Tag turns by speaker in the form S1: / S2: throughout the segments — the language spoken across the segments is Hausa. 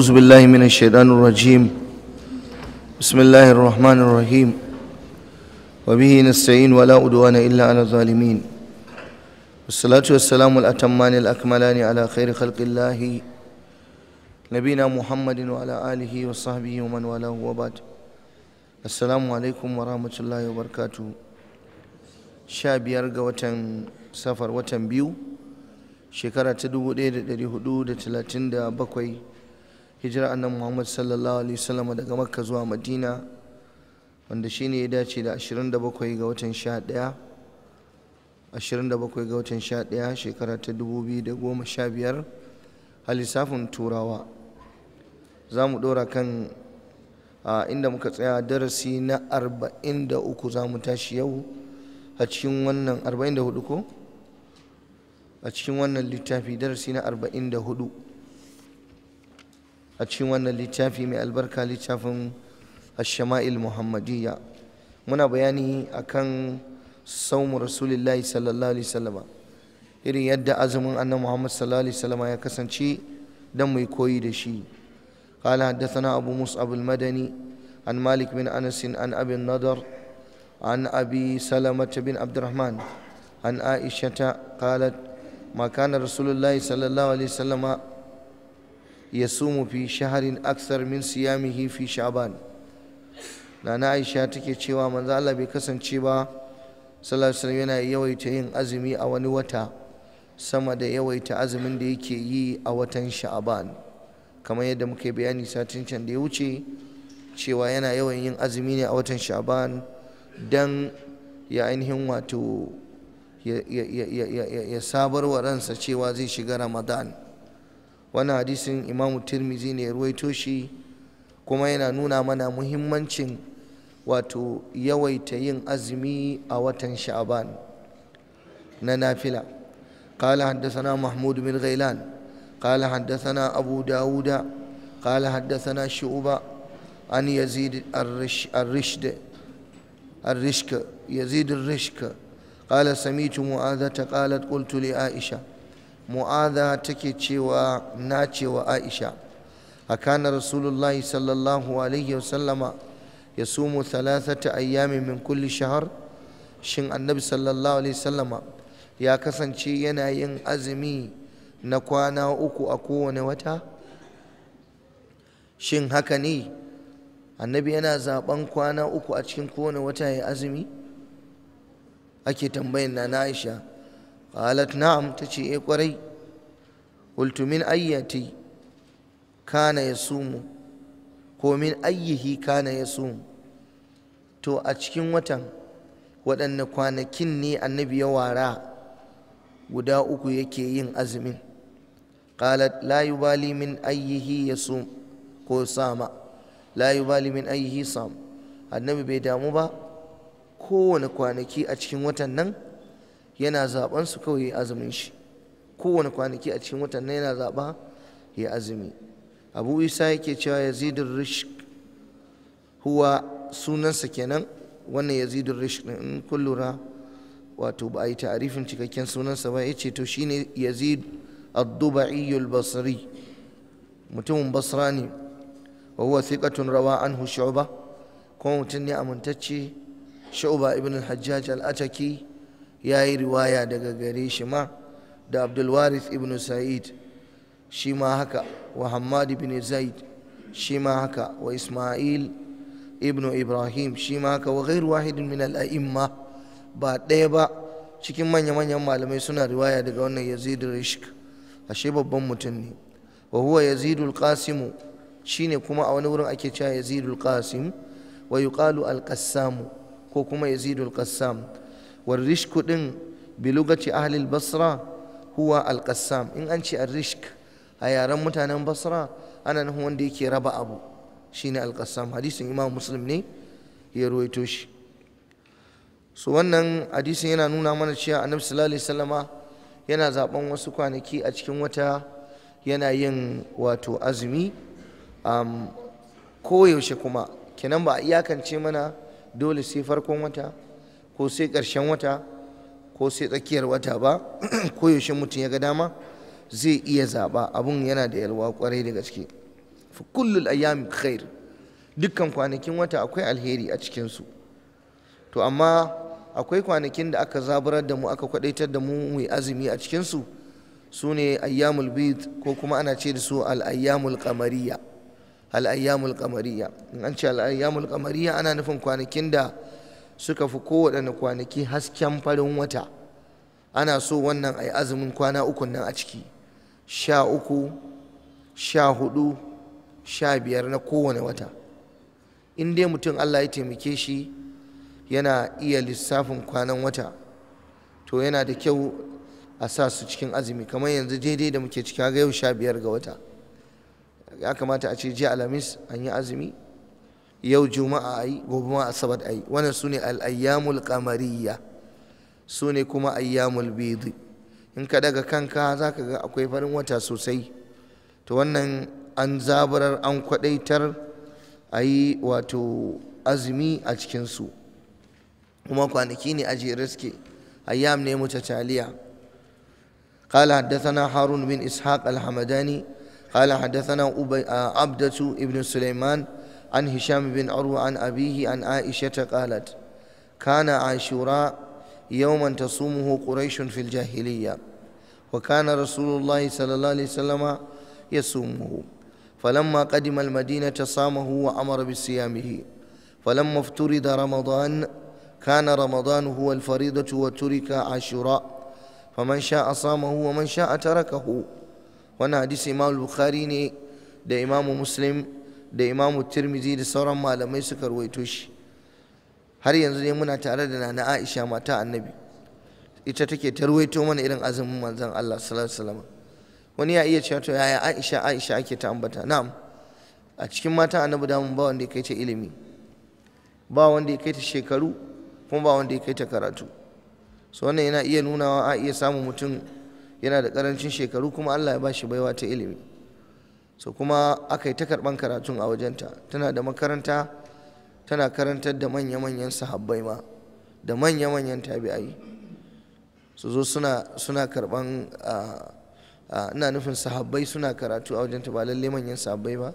S1: أعوذ بالله من الشيطان الرجيم بسم الله الرحمن الرحيم وبه نستعين ولا عدوان إلا على الظالمين والصلاة والسلام الأتمان الأكملان على خير خلق الله نبينا محمد وعلى آله وصحبه ومن والاه وبعد السلام عليكم ورحمة الله وبركاته شابير وتن سفر وتن بيو shekara ta 1437 hijira annabi Muhammad sallallahu alaihi wasallam daga Makka zuwa Madina wanda shine ya dace da 27 ga watan 11 27 ga watan 11 shekara ta 2015 a lissafin turawa za mu dora kan inda muka tsaya darasi na 43 za mu tashi yau a cikin wannan 44 ko a cikin wannan littafi darasi na 44 a cikin wannan littafi mai albarka littafin ashama'il muhammadiyya muna bayani akan saumu rasulillahi sallallahu alaihi wasallam irin yadda azumin annabi muhammad sallallahu alaihi wasallam ya kasance don mai koyi da shi قال حدثنا أبو مصعب المدني عن مالك بن أنس عن أبي النضر عن أبي سلمة بن عبد الرحمن عن عائشة قالت ما كان رسول الله صلى يصوم في شهر أكثر من صيامه في شعبان nana aisha take cewa manzo Allah bai kasance ba sallallahu alaihi wasallam yana yawaita yin azumi a wani wata sama da yawaita azumin da yake yi a watan sha'aban kamar yadda muke bayani satin can da ya wuce cewa yana yawan yin azumi ne a watan sha'aban dan ya ainihin wato ya sabarwa ransa cewa zai shiga ramadan wannan hadisin imamu tirmizi ne ruwaito shi kuma yana nuna mana muhimmancin wato yawaita yin azumi a watan Sha'ban na nafila قال حدثنا محمود بن غيلان قال حدثنا أبو داود قال حدثنا شعبة عن يزيد الرش الرشد الرشك يزيد الرشك قال سميت معاذة قالت قلت لعائشة mu'adha take cewa na cewa aisha akana rasulullahi sallallahu alaihi wasallama ya sumu thalathata ayyami min kulli shahar shin annabi sallallahu alaihi wasallama ya kasance yana yin azumi na kwana uku a kowane wata shin haka ne annabi yana zaben kwana uku a cikin kowane wata ya azumi ake tambayin na aisha qalat na'am tace eh kwarai qultu min ayyati kana yasumu ko min ayyihi kana yasum to a cikin watan waɗanne kwanakin ne annabi ya wara guda uku yake yin azumin qalat la yubali min ayyihi yasum ko sama la yubali min ayyihi sam annabi bai damu ba kowane kwanaki a cikin watan nan yana zaɓan su kawai ya azumin shi kowane kwanaki a cikin watan yana zaɓa ya azumi abu isa yake cewa yazidun rishk huwa sunansa kenan wannan yazidun rishk in kun lura wato ba a yi ta'arifin cikakken sunansa ba ya ce to shine yazid ad basri mutumin basra ne wa huwa thiqatun rawa anhu shu'ba kuma mutum ne amintacce shu'ba ibn al-hajjaj al-ataki ya yi riwaya daga gare shi ma da abdulwaris ibn sa'id shi ma haka wa hamad ibn zaid shi ma haka wa ismail ibn ibrahim shi ma haka wa ghairu wahidin min al'a'imma ba ɗaya ba cikin manya-manyan malamai suna riwaya daga wannan yazid rishk ashe babban mutum ne wa huwa yazidul qasimu shine kuma a wani wurin ake cewa yazidul qasim wa yuqalu al ko kuma yazidul qassam warrishku din bi lugaci ahlil basra huwa alqassam in an ce arrishk a yaren mutanen basra ana nufin wanda yake raba abu shine alqassam hadisin imam muslim ne ya ruwaito shi so wannan hadisin yana nuna mana cewa annabi sallallahu alaihi wasallama yana zaben wasu kwanaki a cikin wata yana yin wato azumi um, koyaushe kuma kenan ba a iyakance mana dole sai farkon wata ko sai ƙarshen wata ko sai tsakiyar wata ba ko yaushe mutum ya ga dama zai iya zaɓa abun yana da yalwa kwarai da gaske fa kullul ayyami khair dukkan kwanakin wata akwai alheri a cikinsu to amma akwai kwanakin da aka zaburar da mu aka kwadaitar da mu mai azumi a cikinsu su ne ayyamul bid ko kuma ana ce da su al'ayyamul kamariya al'ayyamul in an ce al'ayyamul kamariya ana nufin kwanakin da suka fi kowaɗanne kwanaki hasken farin wata ana so wannan a yi azumin kwana uku nan a ciki sha uku sha hudu sha biyar na kowane wata in dai mutum allah ya taimake shi yana iya lissafin kwanan wata to yana da kyau a sa su cikin azumi kamar yanzu daidai da muke ciki ga yau sha biyar ga wata ya kamata a ce jiya alhamis an yi azumi yau juma'a ai gobe ma asabar ai wannan sune al-ayyamul qamariyya sune kuma ayyamul bid in ka daga kanka zaka ga akwai farin wata sosai to wannan an zabarar an kwadaitar ayi wato azumi a cikin su kuma kwanaki ne a riske ayyam ne mutataliya قال حدثنا هارون بن إسحاق الحمداني قال حدثنا عبدة ابن سليمان عن هشام بن عروة عن أبيه عن عائشة قالت كان عاشوراء يوما تصومه قريش في الجاهلية وكان رسول الله صلى الله عليه وسلم يصومه فلما قدم المدينة صامه وأمر بصيامه فلما افترض رمضان كان رمضان هو الفريضة وترك عاشوراء فمن شاء صامه ومن شاء تركه وانا حديث إمام البخاري ده إمام مسلم da imamu tirmizi da sauran malamai suka ruwaito shi har yanzu ne muna tare da nana aisha mata annabi ita take ta ruwaito mana irin azumin manzon Allah sallallahu alaihi wani ya iya cewa to yaya aisha aisha ake ta ambata na'am a cikin mata annabi da ba wanda ya kai ta ilimi ba wanda ya kai ta shekaru kuma ba wanda ya kai ta karatu so wannan yana iya nunawa a iya samun mutum yana da karancin shekaru kuma Allah ya ba shi baiwa ta ilimi so kuma aka yi ta karɓan karatun a wajenta tana da makaranta tana karantar da manya-manyan sahabbai ma da manya-manyan tabi'ai su zo suna suna karɓan ina nufin sahabbai suna karatu a wajenta ba lalle manyan sahabbai ba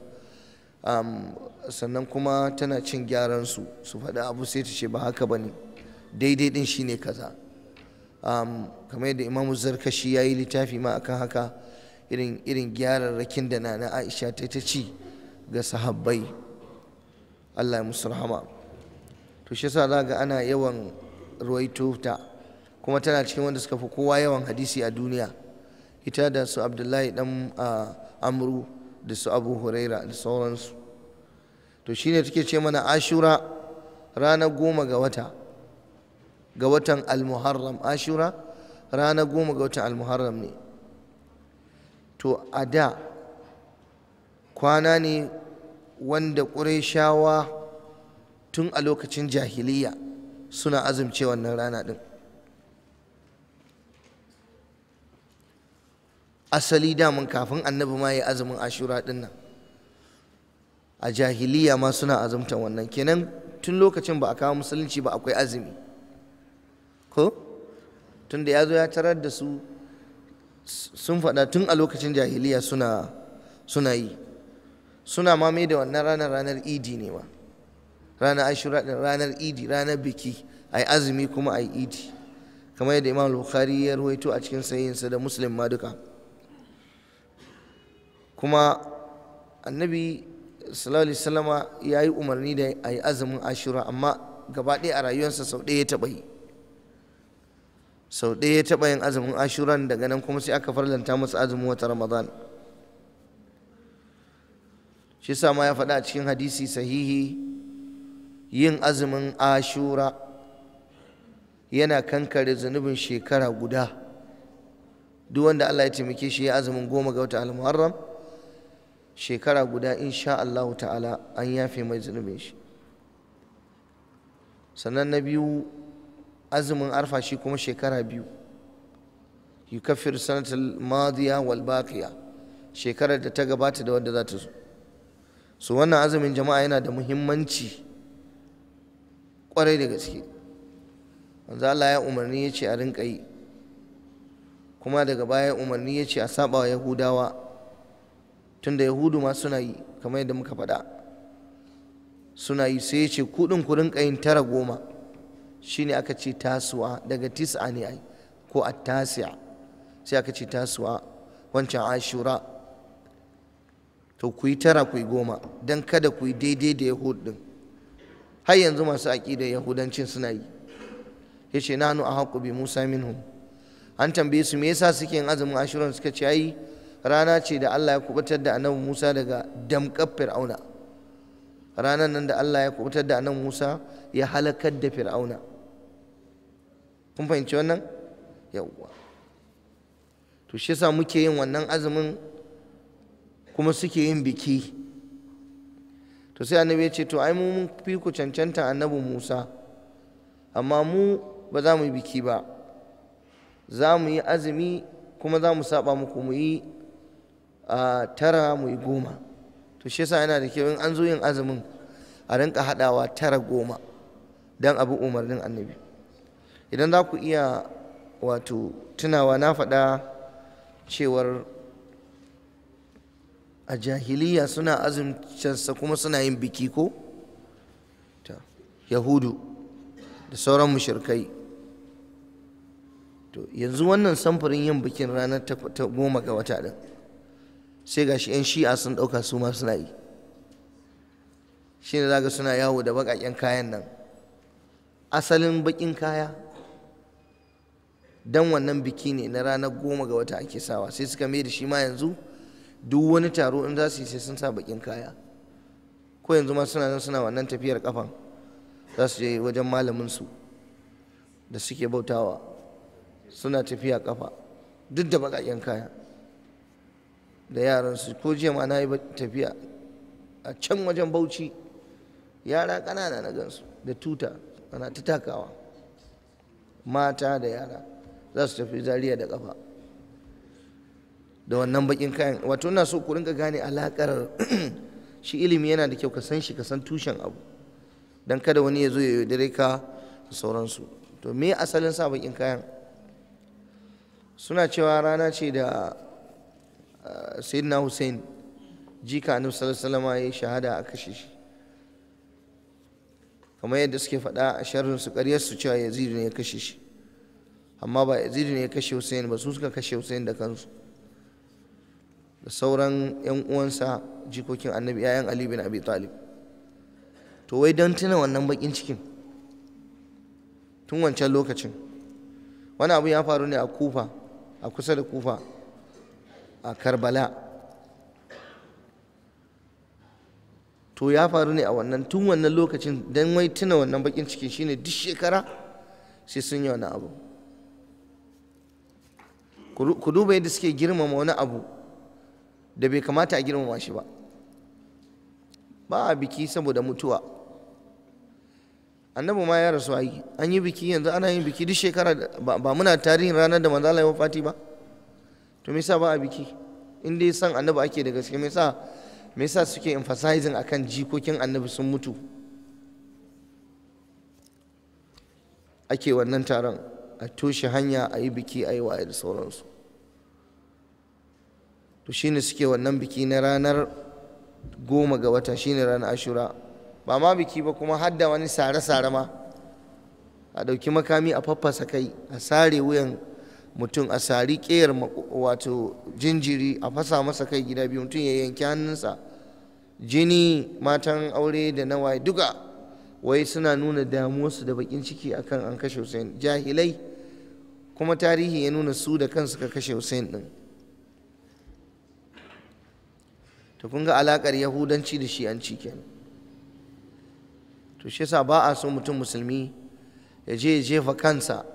S1: sannan kuma tana cin gyaran su su faɗi abu sai ta ce ba haka ba ne daidai ɗin shine kaza kamar yadda imamu zarkashi ya yi littafi ma akan haka irin irin rakin da nana Aisha ta ta ci ga sahabbai Allah ya musu rahama to shi yasa za ga ana yawan ruwaito ta kuma tana cikin wanda suka fi kowa yawan hadisi a duniya ita da su Abdullahi dan Amru da su Abu Huraira da sauransu to shi ne take ce mana Ashura ranar goma ga wata ga watan Al-Muharram Ashura ranar goma ga watan Al-Muharram ne to a da kwana ne wanda ƙureshawa tun a lokacin jahiliya suna azumce wannan rana ɗin asali damun kafin annabi ma ya azumin ashura ɗin nan a jahiliya ma suna azumtan wannan kenan tun lokacin ba a kawo musulunci ba akwai azumi ko tun da ya zo ya tarar da su sun faɗa tun a lokacin jahiliya suna yi suna ma mai da wannan ranar ranar idi ne ma ranar ashura ranar idi ranar biki a yi azumi kuma a yi idi kamar yadda imam bukhari ya ruwaito a cikin sayinsa da muslim ma duka kuma annabi sallallahu alaihi ya yi umarni da a yi azumin ashura amma gaba ɗaya a rayuwarsa sau ɗaya ya taɓa yi sau ɗaya ya taɓa yin azumin ashuran daga nan kuma sai aka farlanta masa azumin wata ramadan shi sa ma ya faɗa a cikin hadisi sahihi yin azumin ashura yana kankare zunubin shekara guda duk wanda Allah ya taimake shi ya azumin goma ga wata almuharram shekara guda insha Allah ta'ala an yafe mai zunubin shi sannan na biyu azumin arfa shi kuma shekara biyu kafir sanatar madiya wal shekarar da ta gabata da wadda za ta zo Su wannan azumin jama'a yana da muhimmanci kwarai da gaske wanzu Allah ya umarni ya ce a rinka yi kuma daga baya umarni ya ce a saba wa yahudawa tunda yahudu ma suna yi kamar yadda muka faɗa suna yi sai ya ce kuɗin ku rinka yin tara goma shine aka ce tasuwa daga tis'a ne ai ko a tasiya sai aka ce tasuwa wancan ashura to ku yi tara ku yi goma don kada ku yi daidai da yahud din har yanzu masu aƙidar yahudancin suna yi ya ce nanu a haƙu bi musa minhum an tambaye su me yasa suke yin azumin ashirin suka ce ai rana ce da Allah ya kubutar da annabi Musa daga damƙar fir'auna ranar nan da Allah ya kubutar da annabi Musa ya halakar da fir'auna kun fahimci wannan yawwa to shi yasa muke yin wannan azumin kuma suke yin biki to sai annabi ya ce to ai mu fi ku cancanta annabi Musa amma mu ba za mu yi biki ba za mu yi azumi kuma za mu saba muku mu yi a tara mu yi goma to shi yasa yana da kyau in an zo yin azumin a rinka haɗawa tara goma don abu umarnin annabi idan za ku iya wato tunawa na faɗa cewar a jahiliya suna azumcinsa kuma suna yin biki ko yahudu da sauran mushirkai to yanzu wannan samfurin yin bikin ranar ta goma ga wata ɗin sai gashi 'yan shi'a sun ɗauka su ma suna yi shi ne ga suna yawo da baƙaƙen kayan nan asalin baƙin kaya dan wannan biki ne na ranar goma ga wata ake sawa sai suka mai da shi ma yanzu duk wani taro in za su yi sai sun sa bakin kaya ko yanzu ma suna nan suna wannan tafiyar kafan za su je wajen malamin su da suke bautawa suna tafiya kafa duk da bakaken kaya da yaran su ko jiya ma na yi tafiya a can wajen bauchi yara ƙanana na gansu da tuta ana ta takawa mata da yara za su tafi zariya da kafa da wannan bakin kayan wato ina so ku rinka gane alakar shi ilimi yana da kyau ka san shi ka san tushen abu don kada wani ya zo ya yaudare ka da sauransu to me asalin sa bakin kayan suna cewa rana ce da ah, sayyidina hussein jika annabi sallallahu alaihi wasallam ya shahada a kashe shi kamar yadda suke faɗa a sharrin su ƙaryar su cewa yazid ne ya kashe shi amma ba yazid ne ya kashe Hussein ba su suka kashe Hussein da kansu da sauran yan uwansa jikokin annabi yayan Ali bin Abi Talib to wai don tuna wannan bakin cikin tun wancan lokacin wani abu ya faru ne a kufa a kusa da kufa a karbala to ya faru ne a wannan tun wannan lokacin don wai tuna wannan bakin cikin shine duk shekara sai sun yi wani abu ku duba yadda suke girmama wani abu da bai kamata a girmama shi ba ba a biki saboda mutuwa annabi ma ya rasu ayi an yi biki yanzu ana yin biki duk shekara ba muna tarihin ranar da manzala ya wafati ba to me yasa ba a biki in dai san annabi ake da gaske me yasa me yasa suke emphasizing akan jikokin annabi sun mutu ake wannan taron a toshe hanya a yi biki a yi waye da sauransu to shi ne suke wannan biki na ranar goma ga wata ne ranar ashura ba ma biki ba kuma har da wani sare-sare ma a ɗauki makami a faffasa kai a sare wuyan mutum a sari ƙeyar wato jinjiri a fasa masa kai gida biyu mutum ya yanki hannunsa jini matan aure da nawaye duka wai suna nuna damuwarsu da bakin ciki akan an kashe Hussein jahilai kuma tarihi ya nuna su da kansu ka kashe Hussein din to kun ga alakar yahudanci da shi'anci kenan to shi yasa ba a so mutum musulmi ya je ya jefa kansa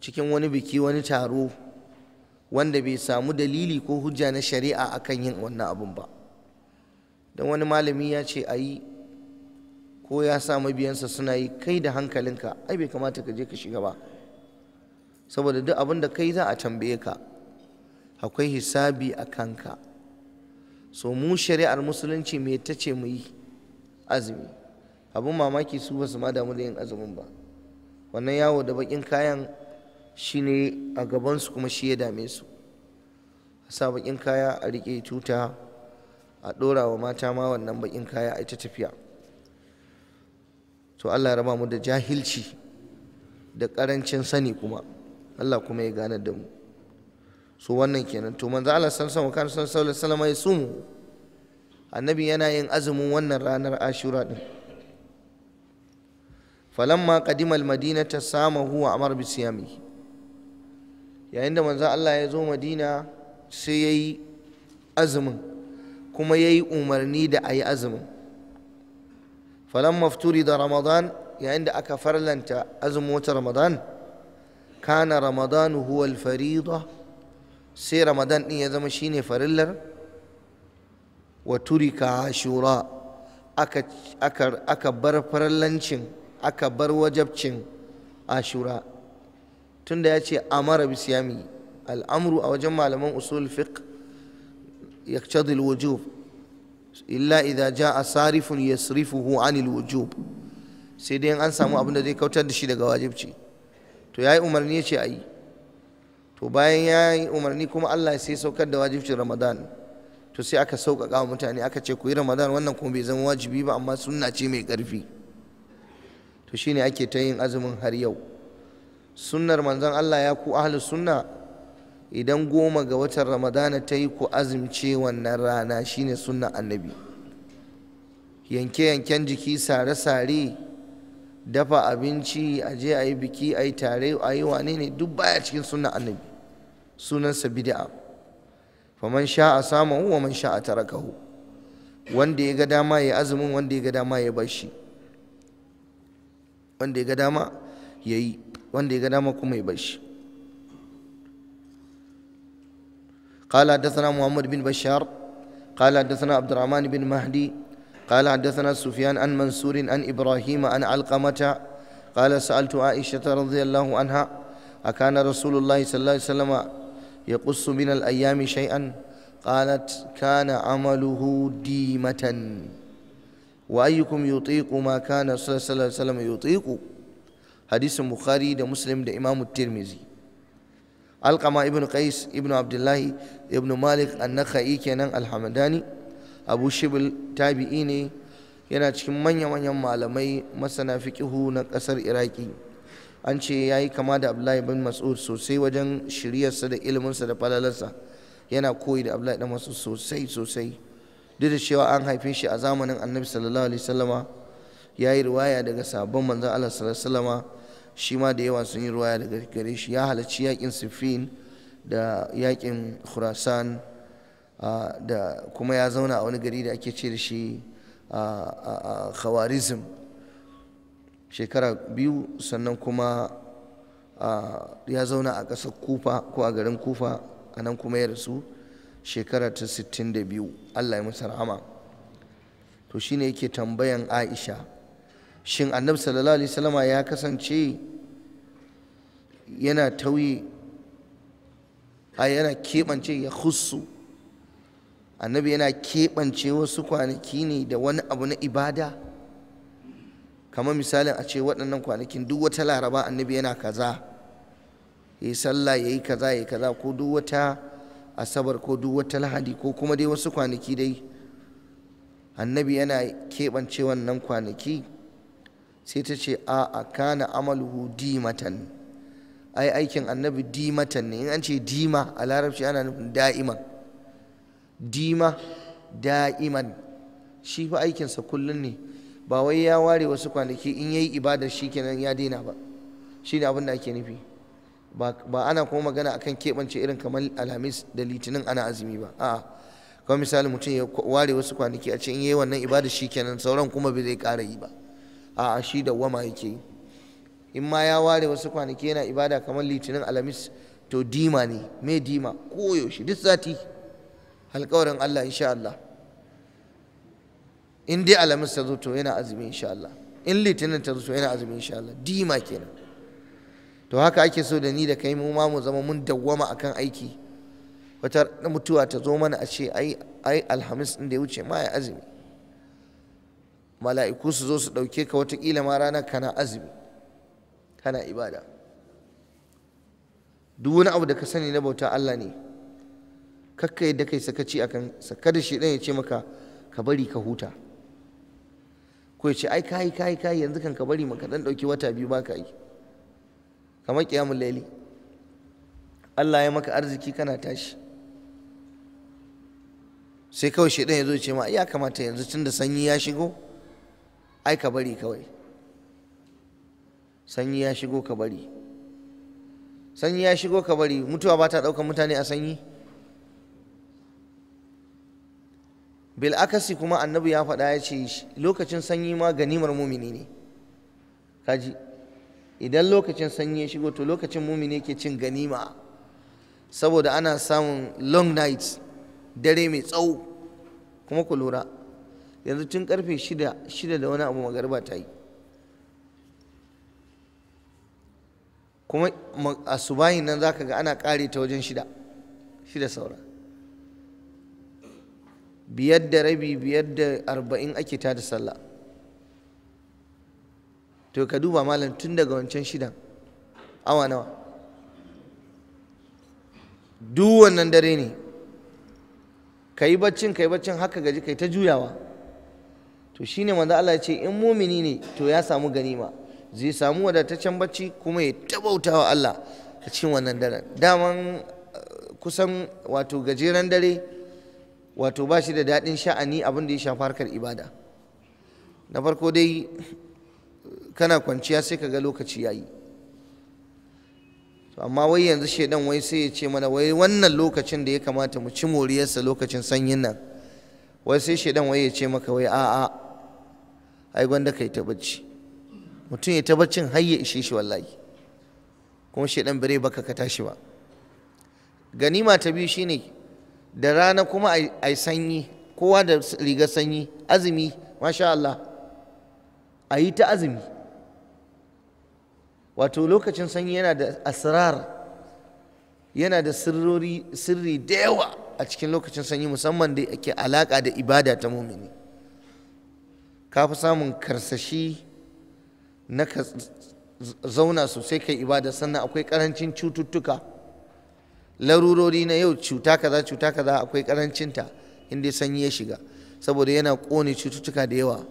S1: cikin wani biki wani taro wanda bai samu dalili ko hujja na shari'a akan yin wannan abun ba don wani malami ya ce a yi ko ya sa mabiyansa suna yi kai da hankalinka ai bai kamata ka je ka shiga ba saboda duk abin da kai za a tambaye ka akwai hisabi a kanka so mu shari'ar musulunci me ta ce mu yi azumi abin mamaki su ba su ma damu da yin azumin ba wannan yawo da bakin kayan shi ne a gabansu kuma shi ya dame su a sa bakin kaya a riƙe tuta a ɗora wa mata ma wannan bakin kaya a ita tafiya to Allah raba mu da jahilci da ƙarancin sani kuma Allah kuma ya gane da mu so wannan kenan to manzo Allah sallallahu alaihi wasallam sallallahu alaihi wasallam ya sumu annabi yana yin azumin wannan ranar ashura din falamma qadima almadinata sama huwa amar bi siyamihi yayin da manzo Allah ya zo madina sai yayi azumin kuma yayi umarni da ayi azumin falamma da ramadan yayin da aka farlanta azumin wata ramadan kana Ramadan huwa al-farida sai ramadan ɗin ya zama shine farillar wa turika ashura aka aka bar farlancin aka bar wajabcin ashura tunda ya ce amara bisiyami al'amru a wajen malaman usul fiqh yaqtadi al-wujub illa idza jaa sarifun yasrifuhu anil wujub sai dai an samu abin da zai kautar da shi daga wajibci to yayi umarni ya ce ayi to bayan yayi umarni kuma Allah sai saukar da wajibcin Ramadan to sai aka sauƙaƙa wa mutane aka ce ku yi Ramadan wannan kuma bai zama wajibi ba amma sunna ce mai ƙarfi to shine ake ta yin azumin har yau sunnar manzon Allah ya ku ahlus sunna idan goma ga watan ramadana ta yi ku azumce wannan rana shine sunnan annabi yanke-yanken jiki sare-sare dafa abinci a je a yi biki a yi tare a yi wane ne duk baya cikin sunnan annabi sunansa bid'a faman sha'a samahu wa man sha'a tarakahu wanda ya ga dama ya azumin wanda ya ga dama ya bar shi wanda ya ga dama ya yi wanda ya ga dama kuma ya bar shi قال حدثنا محمد بن بشار قال حدثنا عبد الرحمن بن مهدي قال حدثنا سفيان عن منصور عن إبراهيم عن علقمة قال سألت عائشة رضي الله عنها أكان رسول الله صلى الله عليه وسلم يقص من الأيام شيئا قالت كان عمله ديمة وأيكم يطيق ما كان صلى الله عليه وسلم يطيق حديث البخاري ده مسلم ده إمام الترمذي Alkama ibn qais ibn abdullahi ibn malik an-nakhai kenan al-hamadani abu shibl tabi'i ne yana cikin manya-manyan malamai masana fiqihu na kasar iraki an ce ya yi kama da abdullahi bin mas'ud sosai wajen shiryarsa da iliminsa da falalarsa yana koyi da abdullahi ibn mas'ud sosai sosai duk da cewa an haife shi a zamanin annabi sallallahu alaihi wasallama ya yi riwaya daga sabon manzon Allah sallallahu alaihi wasallama shi ma da yawa sun yi ruwaya daga gare shi ya halarci yakin siffin da yakin khurasan da kuma ya zauna a wani gari da ake ce da shi a khawarizm shekara biyu sannan kuma ya zauna a ƙasar kufa ko a garin kufa a nan kuma ya rasu shekara ta 62 allah ya masa rahama to shine yake tambayan aisha shin annabi sallallahu alaihi wasallama ya kasance yana tauye a yana keɓance ya husu annabi yana keɓance wasu kwanaki ne da wani abu na ibada kamar misalin a ce waɗannan kwanakin duk wata laraba annabi yana kaza ya yi sallah ya yi kaza ya yi kaza ko duk wata asabar ko duk wata lahadi ko kuma dai wasu kwanaki dai annabi yana keɓance wannan kwanaki sai ta ce a kana amaluhu dimatan ai aikin annabi dimatan ne in an ce dima a larabci ana nufin da'iman dima da'iman shi fa aikinsa kullum ne ba wai ya ware wasu kwanaki in yayi ibadar shi kenan ya daina ba shi ne abin da ake nufi ba ana kuma magana akan keɓance irin kamar alhamis da litinin ana azumi ba a'a kawai misali mutum ya ware wasu kwanaki a ce in yayi wannan ibadar shi kenan sauran kuma bai zai ƙara yi ba a shi wama yake yi in ma ya ware wasu kwanaki yana ibada kamar litinin alamis to dima ne me dima koyaushe duk sati alkawarin Allah insha Allah in dai alamis ta zo to yana azumi insha Allah in litinin ta zo to yana azumi insha Allah dima kenan to haka ake so da ni da kai mu ma mu zama mun dawwama akan aiki wata mutuwa ta zo mana a ce ai alhamis din da ya wuce ma ya azumi mala'iku su zo su ɗauke ka watakila ma ranar kana azumi kana ibada duk wani abu da ka sani na bauta Allah ne kakka yadda kai sakaci akan saka da shi ɗan ya ce maka ka bari ka huta ko ya ce ai kayi kayi kayi yanzu kan ka bari maka dan ɗauki wata biyu ba ka yi kamar ƙiyamun laili Allah ya maka arziki kana tashi sai kawai shaidan ya zo ce ma ya kamata yanzu tun da sanyi ya shigo ai ka bari kawai sanyi ya shigo ka bari sanyi ya shigo ka bari mutuwa ba ta ɗaukar mutane a sanyi bil akasi kuma annabi ya faɗa ya ce lokacin sanyi ma ganimar mumini ne kaji idan lokacin sanyi ya shigo to lokacin mumini ke cin ganima saboda ana samun long nights dare mai tsawo kuma ku lura yanzu tun karfe shida shida da wani abu magariba ta yi kuma a subayin nan za ka ga ana kare ta wajen shida shida saura biyar da rabi biyar da arba'in ake ta da sallah to ka duba malam tun daga wancan shidan awa nawa duk wannan dare ne ka yi baccin ka yi baccin haka gaji kai ta juyawa to shine manzo Allah ya ce in mumini ne to ya samu ganima zai samu wadataccen bacci kuma ya wa Allah a cikin wannan daren daman eh, kusan wato gajeren dare wato ba shi da daɗin sha'ani abin da ya shafi harkar ibada na farko dai kana kwanciya sai ka ga lokaci yayi amma wai yanzu shedan wai sai ya ce mana wai wannan lokacin da ya kamata mu ci moriyarsa lokacin sanyin nan wai sai shedan wai ya ce maka wai a'a ai gwanda kai ta bacci mutum ya ta baccin har ya ishe shi wallahi kuma dan bare baka ka tashi ba ganima ta biyu shine da rana kuma ai sanyi kowa da riga sanyi azumi masha Allah a yi ta azumi wato lokacin sanyi yana da asrar yana da sirrori sirri da a cikin lokacin sanyi musamman da ke alaka da ibada ta mumini ka fi samun karsashi na ka zauna sosai kai ibada sannan akwai karancin cututtuka larurori na yau cuta kaza cuta kaza akwai karancinta inda sanyi ya shiga saboda yana ƙone cututtuka da yawa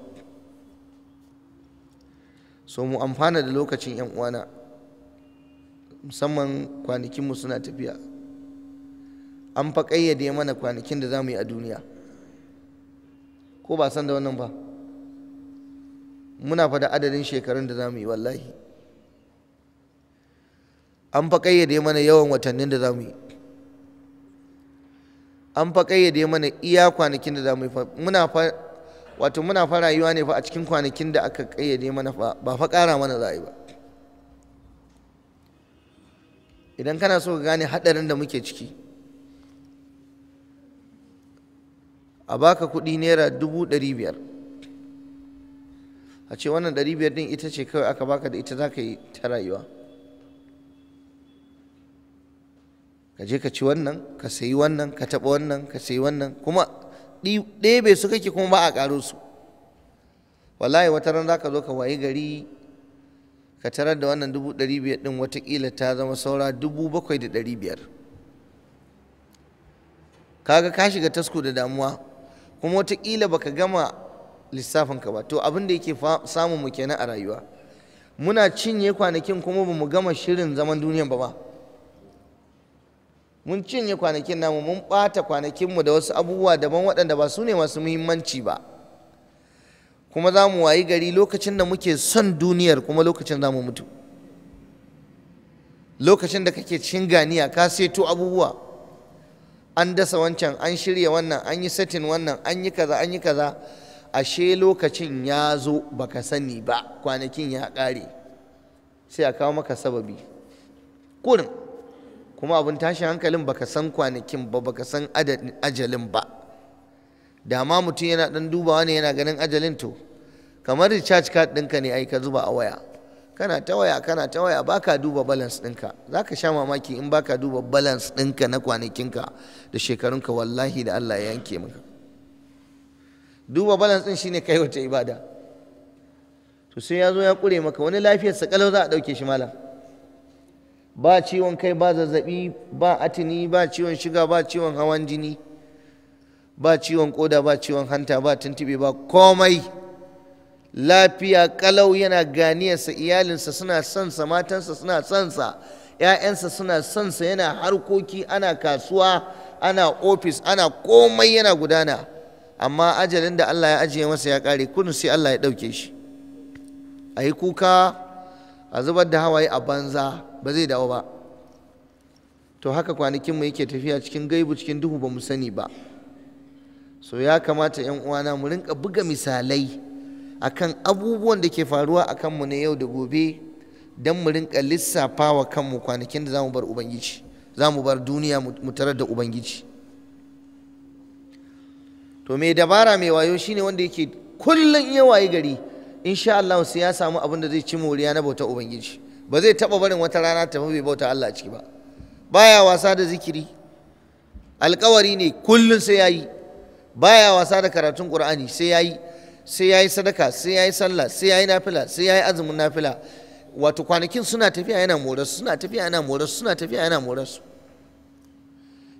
S1: so mu amfana da lokacin yan uwana musamman kwanakinmu suna tafiya an fa ƙayyade mana kwanakin da za mu yi a duniya ko ba san da wannan ba muna fada adadin shekarun da za mu yi wallahi an fa ƙayyade mana yawan watannin da za mu yi an fa ƙayyade mana iya kwanakin da za mu yi muna fa wato muna fa rayuwa ne fa a cikin kwanakin da aka ƙayyade mana fa ba fa ƙara mana za a yi ba idan kana so ka gane haɗarin da muke ciki a baka kuɗi naira dubu ɗari biyar a ce wannan ɗari biyar ɗin ita ce kawai aka baka da ita za ka yi ta rayuwa ka je ka ci wannan ka sayi wannan ka taɓa wannan ka sayi wannan kuma ɗebe su kake kuma ba a ƙaro su wallahi wata ran za ka zo ka wayi gari ka tarar da wannan dubu ɗari biyar ɗin watakila ta zama saura dubu bakwai da ɗari biyar kaga ka shiga tasko da damuwa kuma watakila baka gama lissafin ka ba to abin da yake samun mu kenan a rayuwa muna cinye kwanakin kuma ba mu gama shirin zaman duniyan ba ba mun cinye kwanakin namu mun ɓata mu da wasu abubuwa daban waɗanda ba su ne masu muhimmanci ba kuma za mu wayi gari lokacin da muke son duniyar kuma lokacin za mu mutu lokacin da kake cin ganiya ka seto abubuwa an dasa wancan an shirya wannan an yi satin wannan an yi kaza an yi kaza ashe lokacin ya zo baka sani ba kwanakin ya kare sai a kawo maka sababi kurin kuma abin tashi hankalin baka san kwanakin ba baka san ajalin ba dama mutum yana ɗan dubawa ne yana ganin ajalin to kamar recharge card ɗinka ne ai ka zuba a waya kana ta waya kana ta waya baka duba balance ɗinka za ka sha mamaki in baka duba balance ɗinka na kwanakinka da shekarunka wallahi da Allah ya yanke maka duba balance shi ne kai wace ibada to sai yazo ya kure maka wani lafiyar sa kalau za a ɗauke shi mala. ba ciwon kai ba zazzabi ba atini ba ciwon shiga ba ciwon hawan jini ba ciwon koda ba ciwon hanta ba tuntube ba komai lafiya kalau yana ganiyarsa iyalinsa suna matan matansa suna sansa ‘ya'yansa suna sansa yana harkoki ana kasuwa ana ofis ana komai yana gudana amma ajalin da Allah ya ajiye masa ya kare kunu sai Allah ya ɗauke shi a yi kuka a zubar da hawaye a banza ba zai dawo ba to haka kwanakinmu yake tafiya cikin gaibu cikin duhu ba mu sani ba so ya kamata yan uwana mu rinka buga misalai akan abubuwan da ke faruwa a kanmu na yau da gobe don mu rinka lissafa wa kanmu kwanakin da za mu bar ubangiji za mu bar duniya mu tarar da ubangiji to mai dabara mai wayo shine wanda yake kullum ya wayi gari insha Allah sai ya samu abin da zai ci moriya na bauta ubangiji ba zai taba barin wata rana ta mafi bauta Allah a ciki ba baya wasa da zikiri alkawari ne kullum sai yayi baya wasa da karatun Qur'ani sai yayi sai yayi sadaka sai yayi sallah sai yayi nafila sai yayi azumin nafila wato kwanakin suna tafiya yana morasu suna tafiya yana morasu suna tafiya yana morasu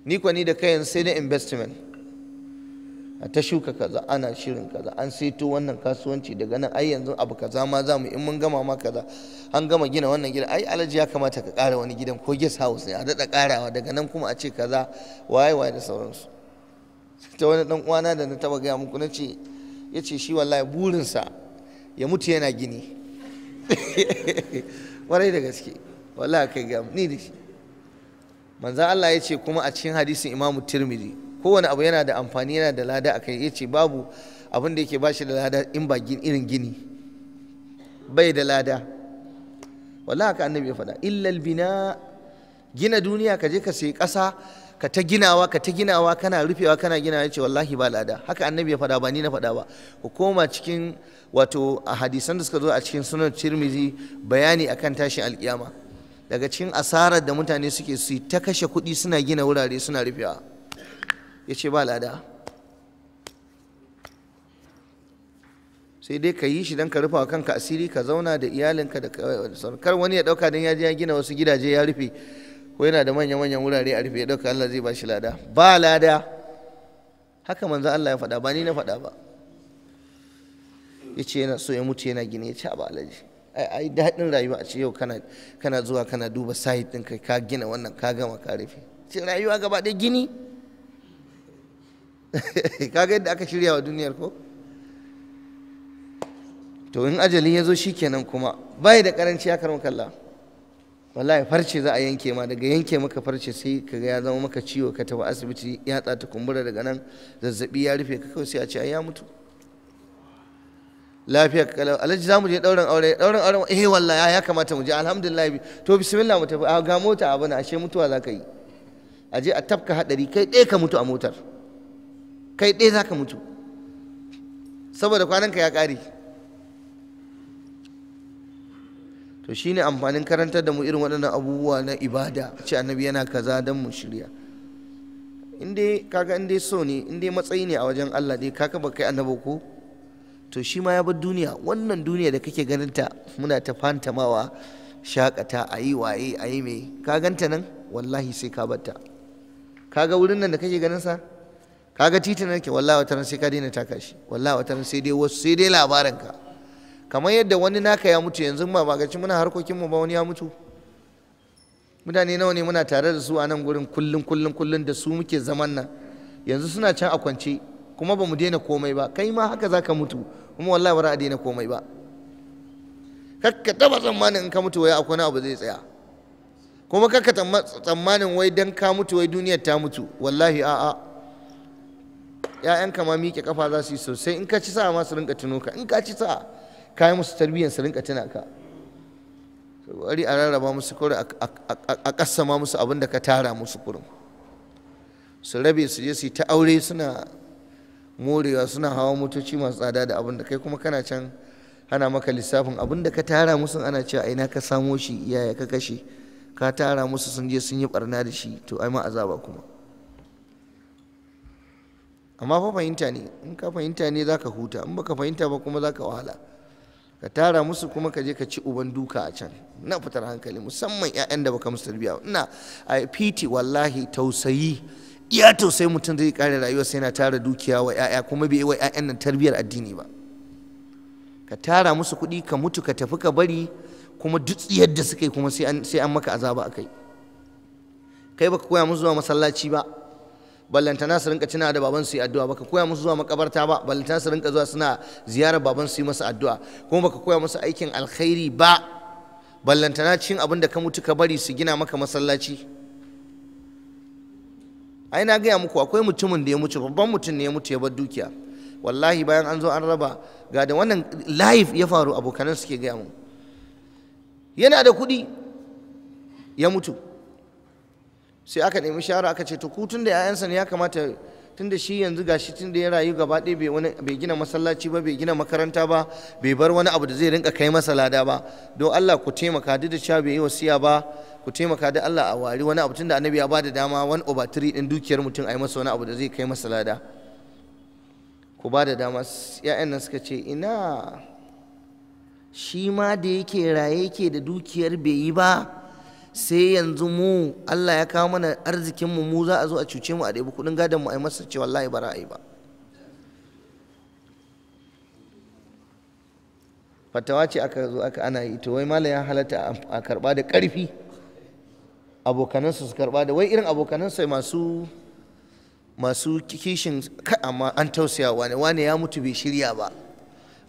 S1: ni kwani da kayan sai na investment ta shuka kaza ana shirin kaza an saito wannan kasuwanci daga nan ai yanzu abu kaza ma za mu in mun gama ma kaza an gama gina wannan gidan ai alhaji ya kamata ka ƙara wani gidan ko guest house ne a daɗa ƙarawa daga nan kuma a ce kaza waye waye da sauransu ta wani ɗan uwana da na taɓa gaya muku na ce ya ce shi wallahi burinsa ya mutu yana gini warai da gaske wallahi kai ga ni da shi manzan Allah ya ce kuma a cikin hadisin imamu tirmidhi kowane abu yana da amfani yana da lada a kai ya ce babu abin da yake ba shi da lada in ba irin gini bai da lada wala haka annabi ya faɗa illal bina gina duniya ka je ka sai ƙasa ka ta ginawa ka ta ginawa kana rufewa kana ginawa ya ce wallahi ba lada haka annabi ya faɗa ba ni na faɗa ba ku koma cikin wato a hadisan da suka zo a cikin sunan tirmizi bayani akan tashin alkiyama daga cikin asarar da mutane suke su ta kashe kuɗi suna gina wurare suna rufewa ya ce ba lada sai dai ka yi shi don ka rufa kanka asiri ka zauna da iyalinka da kar wani ya dauka don ya je ya gina wasu gidaje ya rufe ko yana da manyan manyan wurare a rufe ya dauka Allah zai ba shi lada ba lada haka manzo Allah ya faɗa ba ni na faɗa ba ya ce yana so ya mutu yana gine ya ci ba alaji ai daɗin rayuwa a ce yau kana zuwa kana duba sahi ɗin ka gina wannan ka gama ka rufe ce rayuwa gaba ɗaya gini kaga yadda aka shirya wa duniyar ko to in ajali ya zo shi kenan kuma bai da karanci ya karmu kalla wallahi farce za a yanke ma daga yanke maka farce sai kaga ya zama maka ciwo ka tafi asibiti ya tsata kumbura daga nan zazzabi ya rufe ka kawai sai a ce ai ya mutu lafiya ka kalau alhaji za mu je dauran aure dauran aure eh wallahi ya kamata mu je alhamdulillah to bismillah mu tafi ga mota abuna ashe mutuwa za ka yi a je a tafka hadari kai ɗaya ka mutu a motar kai ɗaya za ka mutu saboda kwananka ya ƙare to shi ne amfanin karantar da mu irin waɗannan abubuwa na ibada ce annabi yana kaza don mu shirya in dai kaga in dai so ne in dai matsayi ne a wajen Allah dai kaka ba kai annabi ko to shi ma ya bar duniya wannan duniya da kake ganinta muna ta fantamawa shakata a yi waye a yi mai ka ganta nan wallahi sai ka batta kaga wurin nan da kake ganin sa kaga titin yake wallahi ran sai ka daina taka shi wallahi ran sai dai wasu sai dai labarin ka kamar yadda wani naka ya mutu yanzu ba magaci muna harkokin mu ba wani ya mutu mutane nawa ne muna tare da su a nan gurin kullun kullun kullun da su muke zaman nan yanzu suna can a kwance kuma ba mu daina komai ba kai ma haka zaka mutu kuma wallahi ba za a daina komai ba kakka taba tsammanin in ka mutu wai akwai abu zai tsaya kuma kakka tsammanin wai dan ka mutu wai duniyar ta mutu wallahi a'a ƴaƴanka ma miƙe kafa za su yi sosai in ka ci sa ma su rinka tuno ka in ka ci sa ka yi musu tarbiyyar su rinka tuna ka wari a rarraba musu kuri a kassama musu abin da ka tara musu kurin su rabe su je su yi ta aure suna morewa suna hawa motoci masu tsada da abin da kai kuma kana can hana maka lissafin abin da ka tara musu ana cewa ina ka samo shi iyaye ka kashe ka tara musu sun je sun yi barna da shi to ai ma azaba kuma amma fa fahimta ne in ka fahimta ne za ka huta in baka fahimta ba kuma za ka wahala ka tara musu kuma ka je ka ci uban duka a can na fitar hankali musamman 'ya'yan da baka musu biya ina a fiti wallahi tausayi iya tausayi mutum zai kare rayuwa sai na tara dukiya wa 'ya'ya kuma bai wa 'ya'yan nan tarbiyar addini ba ka tara musu kuɗi ka mutu ka tafi ka bari kuma duk yadda suka yi kuma sai an maka azaba akai kai baka koya musu zuwa masallaci ba ballantana su rinka cina da baban su yi addu'a baka koya musu zuwa makabarta ba ballantana su rinka zuwa suna ziyarar baban su yi masa addu'a kuma baka koya musu aikin alkhairi ba ballantana cin abin da ka mutu ka bari su gina maka masallaci ai na gaya muku akwai mutumin da ya mutu babban mutum ne ya mutu ya bar dukiya wallahi bayan an zo an raba ga da wannan live ya faru abokanan suke gaya mu yana da kuɗi ya mutu sai aka nemi shawara aka ce to ku tun da 'ya'yansa ne ya kamata tun da shi yanzu gashi tun da ya rayu gaba ɗaya bai gina masallaci ba bai gina makaranta ba bai bar wani abu da zai rinka kai masa lada ba don Allah ku taimaka duk da cewa bai yi wasiya ba ku taimaka da Allah a wari wani abu tunda annabi ya ba da dama wani over din dukiyar mutum a yi masa wani abu da zai kai masa lada ku ba da dama yayan nan suka ce ina shi ma da yake raye yake da dukiyar bai yi ba sai yanzu mu Allah ya kawo mana arzikin mu mu za a zo a cuce mu a ɗaya kuɗin gadon mu a yi masa cewa wallahi ba ra'ayi ba fatawa ce aka zo aka ana yi to wai malam ya halatta a karba da ƙarfi abokanansu su karba da wai irin abokanansu masu masu kishin amma an tausayawa ne wane ya mutu bai shirya ba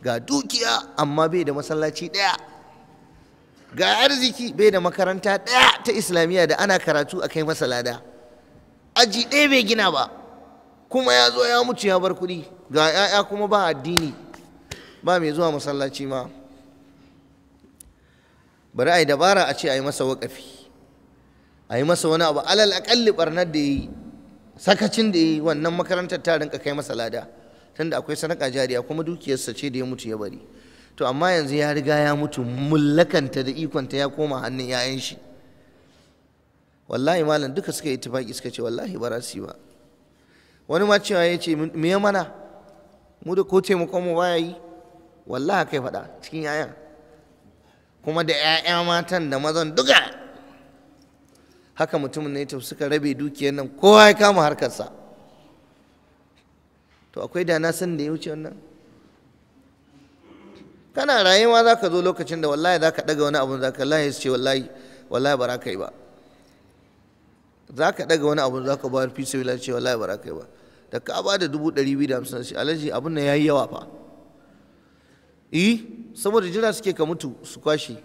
S1: ga dukiya amma bai da masallaci ɗaya ga arziki bai da makaranta ɗaya ta islamiyya da ana karatu a kai masa lada aji ɗaya bai gina ba kuma ya zo ya mutu ya bar kuɗi ga 'ya'ya kuma ba addini ba mai zuwa masallaci ma bari a yi dabara a ce a yi masa waƙafi a yi masa wani abu alal aƙalli ɓarnar da ya yi sakacin da ya yi wannan makarantar ta rinka kai masa lada tunda akwai sanaka jariya kuma dukiyarsa ce da ya mutu ya bari to amma yanzu ya riga ya mutu mullakanta da ikonta ya koma hannun 'ya'yan shi wallahi malam duka suka yi tufaki suka ce wallahi ba su ba wani ma cewa ya ce me mana mu da ko taimakon mu baya yi wallahi kai faɗa cikin 'ya'yan kuma da 'ya'ya matan da mazan duka haka mutumin ne tafi suka rabe dukiyar nan kowa ya kama harkarsa to akwai da na san da ya wuce wannan kana rayuwa za ka zo lokacin da wallahi za ka ɗaga wani abu za ka lahi ce wallahi wallahi ba za ka yi ba za ka ɗaga wani abu za ka ba fi sai ce wallahi ba za ka yi ba da ka ba da dubu ɗari biyu da hamsin shi alaji abin nan ya yi yawa fa eh saboda jira suke ka mutu su kwashe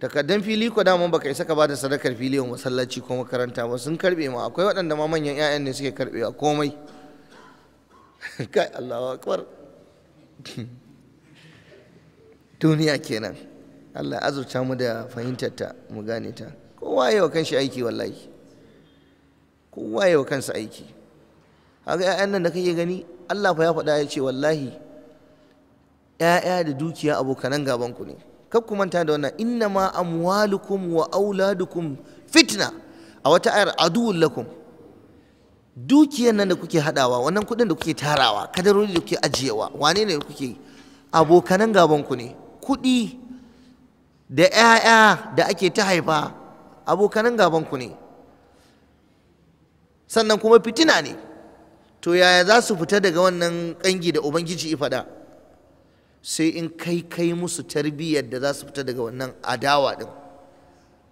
S1: takaddan fili ko daman baka isa ka da sadakar fili wa masallaci ko makaranta ba sun karbe ma akwai waɗanda ma manyan 'ya'yan ne suke a komai kai Allahu akbar duniya kenan Allah azurta mu da fahimtarta mu gane ta kowa yi wa kanshi aiki wallahi kowa yi wa kansa aiki haka ƴaƴan nan da kake gani Allah fa ya faɗa ya ce wallahi yaya da dukiya abokanan gaban ku ne kar ku manta da wannan inna ma amwalukum wa auladukum fitna a wata ayar aduwwul lakum dukiyan nan da kuke hadawa wannan kuɗin da kuke tarawa kadarori da kuke ajiyewa wane ne kuke abokanan gaban ku ne kuɗi da 'ya'ya da ake ta haifa abokanan gabanku ne sannan kuma fitina ne to yaya za su fita daga wannan ƙangi da ubangiji ya faɗa sai in kai kai musu tarbiyyar da za su fita daga wannan adawa ɗin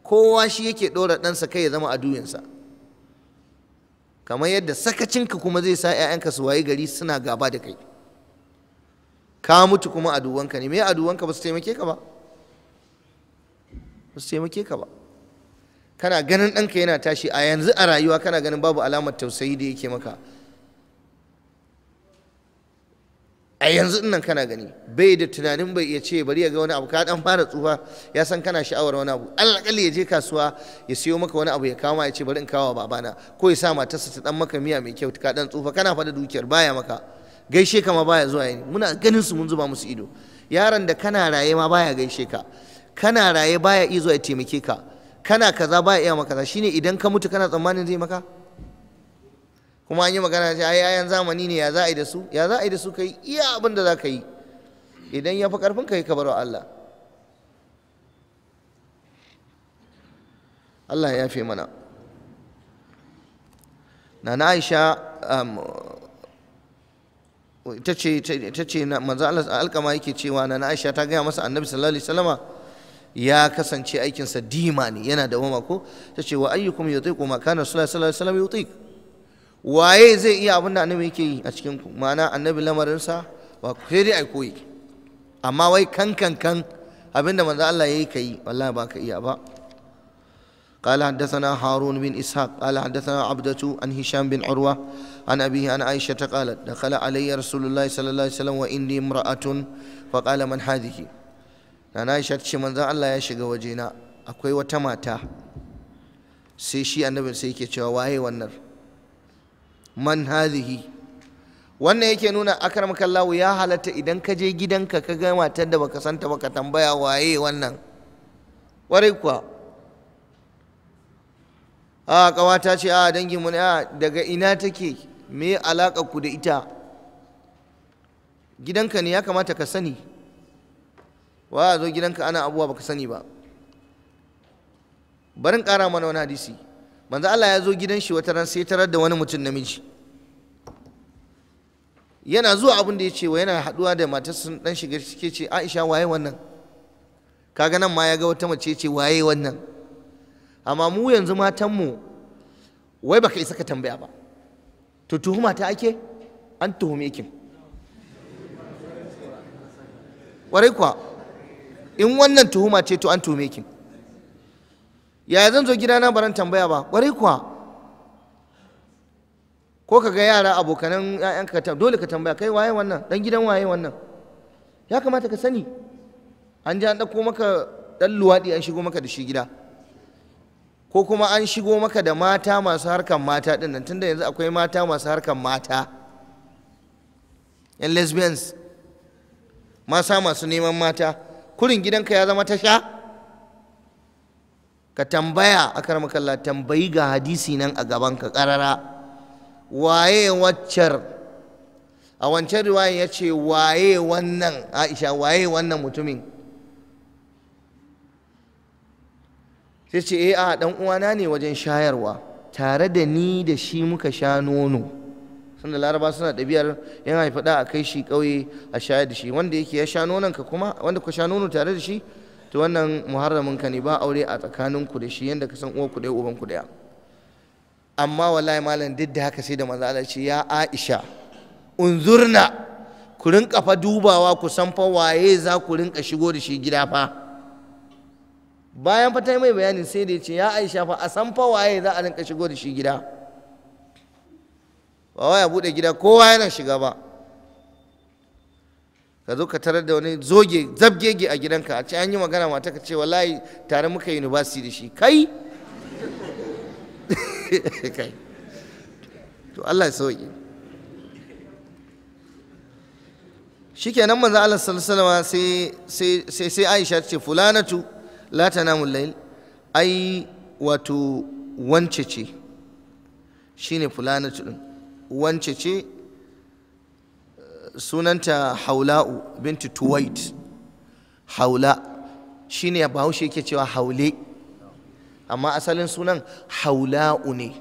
S1: kowa shi yake ɗora ɗansa kai ya zama aduyinsa kamar yadda sakacinka kuma zai sa 'ya'yanka su wayi gari suna gaba da kai ka mutu kuma aduwanka ne me aduwanka ba su taimake ka ba ba su taimake ka ba kana ganin ɗanka yana tashi a yanzu a rayuwa kana ganin babu alamar tausayi da yake maka a yanzu nan kana gani bai da tunanin bai iya ce bari ya ga wani abu ka dan fara tsufa ya san kana sha'awar wani abu alƙali ya je kasuwa ya siyo maka wani abu ya kama ya ce bari in kawo babana ko ya sa matarsa ta dan maka miya mai kyau ka dan tsufa kana fada dukiyar baya maka gaishe ka ma baya zuwa yini? muna ganin su mun zuba musu ido yaron da kana raye ma baya gaishe ka kana raye baya iya zuwa ya taimake ka kana kaza baya iya maka kaza shine idan ka mutu kana tsammanin zai maka kuma an yi magana ce ai ayan zamani ne ya za a yi da su ya za a yi da su kai iya abin da za ka yi idan ya fi karfin ka yi ka bar wa Allah Allah ya yafe mana na na Aisha um, ita ce ita ce manzo Allah alkama yake cewa na Aisha ta gaya masa Annabi sallallahu alaihi wasallama ya kasance aikinsa dima ne yana da wama ko ta ce wa ayyukum yutiqu ma kana sallallahu alaihi wasallam yutiq waye zai iya abin da annabi yake yi a cikin ku ma'ana annabi lamarinsa ba wa dai ai koyi amma wai kan kan kan abin da manzo Allah yayi kai wallahi ba ka iya ba قال حدثنا هارون بن إسحاق قال حدثنا عبدة عن هشام بن عروة عن أبيه عن عائشة قالت دخل علي رسول الله صلى الله عليه وسلم وإني امرأة فقال من هذه أنا عائشة من ذا الله يشق وجينا أكوي وتماتا سيشي النبي سيكي شواهي والنر من هذه wannan yake nuna akramaka Allah ya halatta idan ka je gidanka ka ga matar da baka santa baka tambaya waye wannan warai kuwa a kawata ce a danginmu ne a daga ina take me alaƙa ku da ita gidanka ne ya kamata ka sani wa zo gidanka ana abuwa baka sani ba barin ƙara mana wani hadisi manzo Allah ya zo gidan shi wata ran sai tarar da wani mutum namiji yana zuwa abin da ya ce wa yana haɗuwa da matar sun dan shiga cike ce Aisha waye wannan kaga nan ma ya ga wata mace ce waye wannan amma mu yanzu matanmu wai baka isa ka tambaya ba to tuhuma ta ake an tuhume kin warai kuwa in wannan tuhuma ce to an tuhume kin yaya zan zo gidana baran tambaya ba warai kuwa ko ka ga yara abokanan ka dole ka tambaya kai waye wannan dan gidan waye wannan ya kamata ka sani an ji an ɗauko maka ɗan luwaɗi an shigo maka da shi gida ko kuma an shigo maka da mata masu harkar mata din nan tunda yanzu akwai mata masu harkar mata yan lesbians masa masu neman mata kurin gidanka ya zama tasha ka tambaya akar makalla tambayi ga hadisi nan a gaban ka karara waye waccar a wancan riwayan ya ce waye wannan aisha waye wannan mutumin sai ce eh a dan uwana ne wajen shayarwa tare da ni da shi muka sha nono sanda laraba suna ɗabi'ar yan haifi da a kai shi ƙauye a shayar da shi wanda yake ya sha nonon ka kuma wanda ka sha nono tare da shi to wannan muharramin ka ne ba aure a tsakanin ku da shi yanda ka san uwa ku ɗaya uban ku ɗaya amma wallahi malam duk da haka sai da maza Allah ce ya Aisha unzurna ku rinka fa dubawa ku san fa waye za ku rinka shigo da shi gida fa bayan fata mai bayanin sai da ya ce ya aisha fa a san fa waye za a rinka shigo da shi gida ba waya bude gida kowa yana shiga ba ka zo ka tarar da wani zoge zabgege a gidanka a ce an yi magana mata ka ce wallahi tare muka yi university da shi kai kai to Allah ya sauki shikenan manzo Allah sallallahu alaihi wasallam sai sai sai Aisha ce fulanatu Lata namun layl ai wato wance ce shine fulana din wance ce eh, sunanta haula'u binti tuwait haula shine bahaushe yake cewa haule amma asalin sunan haula'u ne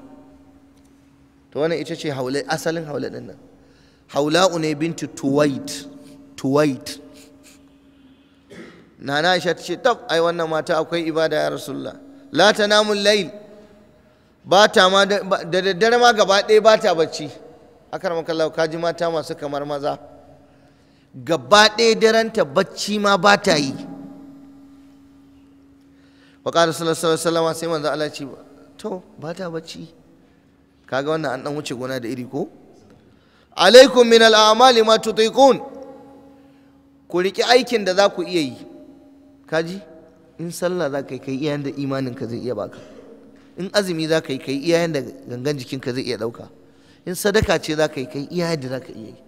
S1: to wani ita ce haule asalin haule din haula'u ne binti tuwait tuwait nana Aisha ta ce tab ai wannan mata akwai ibada ya rasulullah la namun layl ba ta ma da daddare ma gaba ɗaya ba ta bacci Ka kaji mata masu kamar maza gaba ɗaya daranta bacci ma ba ta yi waƙar sallallahu alaihi sai manzo Allah ce to ba ta bacci kaga wannan an dan wuce gona da iri ko alaikum min al'amali ma tutiqun ku riki aikin da za ku iya yi kaji in sallah za ka yi kai iyayen da imanin ka zai iya baka in azumi za ka yi kai iyayen da gangan jikin ka zai iya ɗauka in sadaka ce za ka yi kai iyayen da za ka iya yi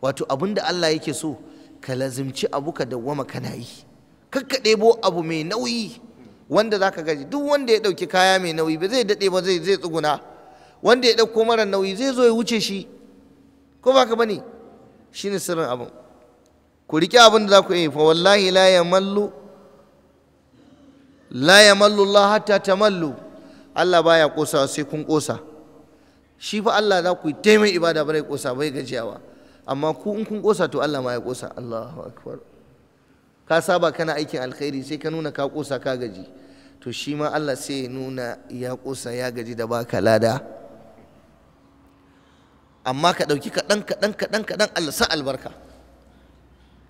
S1: wato abin da Allah yake so ka lazimci abu ka dawwama kana yi kakka ɗebo abu mai nauyi wanda za ka gaji duk wanda ya ɗauki kaya mai nauyi ba zai daɗe ba zai zai tsuguna wanda ya ɗauko mara nauyi zai zo ya wuce shi ko ba ka bane shine sirrin abin ku riƙe abin da za ku iya yi fa wallahi la yamallu la mallu Allah hatta tamallu Allah baya kosa sai kun kosa shi fa Allah za ku yi taimai ibada bare kosa bai gajiyawa amma ku in kun kosa to Allah ma ya kosa Allahu akbar ka saba kana aikin alkhairi sai ka nuna ka kosa ka gaji to shi ma Allah sai ya nuna ya kosa ya gaji da baka lada amma ka ɗauki kaɗan kaɗan kaɗan kaɗan Allah sa albarka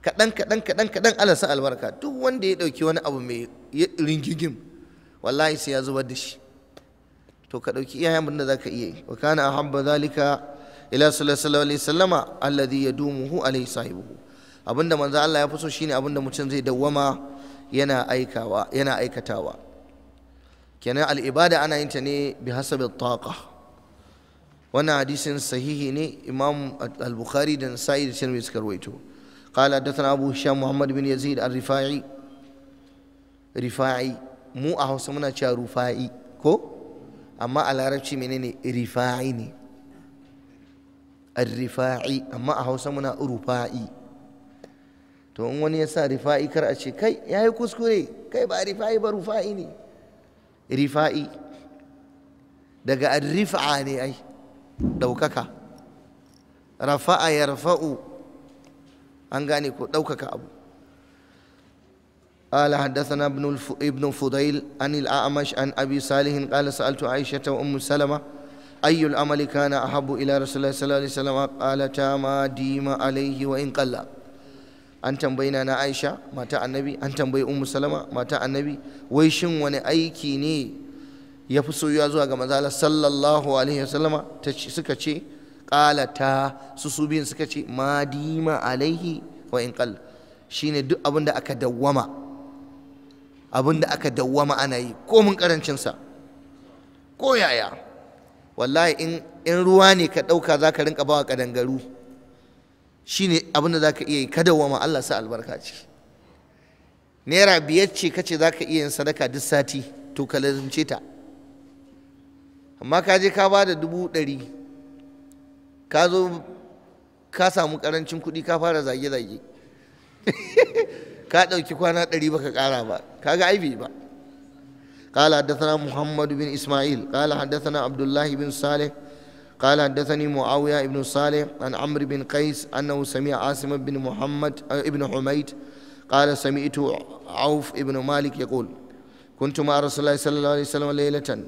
S1: kaɗan kaɗan kaɗan kaɗan Allah sa albarka duk wanda ya ɗauki wani abu mai ringigim wallahi sai ya zubar da shi to ka ɗauki iya abin da za ka iya yi wa kana ahabba zalika ila sallallahu alaihi sallama alladhi yadumuhu alaihi sahibuhu abinda manzo Allah ya fi so shine abinda mutum zai dawwama yana aikawa yana aikatawa kenan al'ibada ana yin ta ne bi hasabi taqa wannan hadisin sahihi ne imam al-bukhari da nasa'i da tirmidhi suka rawaito قال حدثنا أبو هشام محمد بن يزيد الرفاعي rifa'i mu a hausa muna cewa rufa'i ko amma a larabci menene rifa'i ne rifa'i amma a hausa muna rufa'i to in wani ya sa rifa'i kar a ce kai ya yi kuskure kai ba rifa'i ba rufa'i ne rifa'i daga rifa'a ne ai ɗaukaka rafa'a ya rafa'u an gane ko ɗaukaka abu قال حدثنا ابن الف... ابن فضيل عن عن صالح قال العمل كان رسول الله صلى الله عليه وسلم عليه قل an tambayi na Aisha mata annabi an tambayi Ummu Salama mata annabi wai shin wani aiki ne ya fi soyuwa zuwa ga manzala sallallahu alaihi wasallama suka ce qalata su su biyun suka ce madima alaihi wa in qall shine duk abin da aka dawwama abin da aka dawwama ana yi ko mun karancinsa ko yaya wallahi in in ruwa ne ka ɗauka za ka rinka bawa ƙadangaru shi ne abin da za ka iya yi ka dawwama Allah sa albarka ce naira biyar ce ka ce za ka iya yin sadaka duk sati to ka lazumce ta amma ka je ka ba da dubu ɗari ka zo ka samu karancin kuɗi ka fara zage-zage ka ɗauki kwana ɗari baka ƙara ba kaga aibi ba قال حدثنا محمد بن إسماعيل قال حدثنا عبد الله بن صالح قال حدثني معاوية بن صالح عن عمرو بن قيس أنه سمع عاصم بن محمد ابن حميد قال سمعت عوف بن مالك يقول كنت مع رسول الله صلى الله عليه وسلم ليلة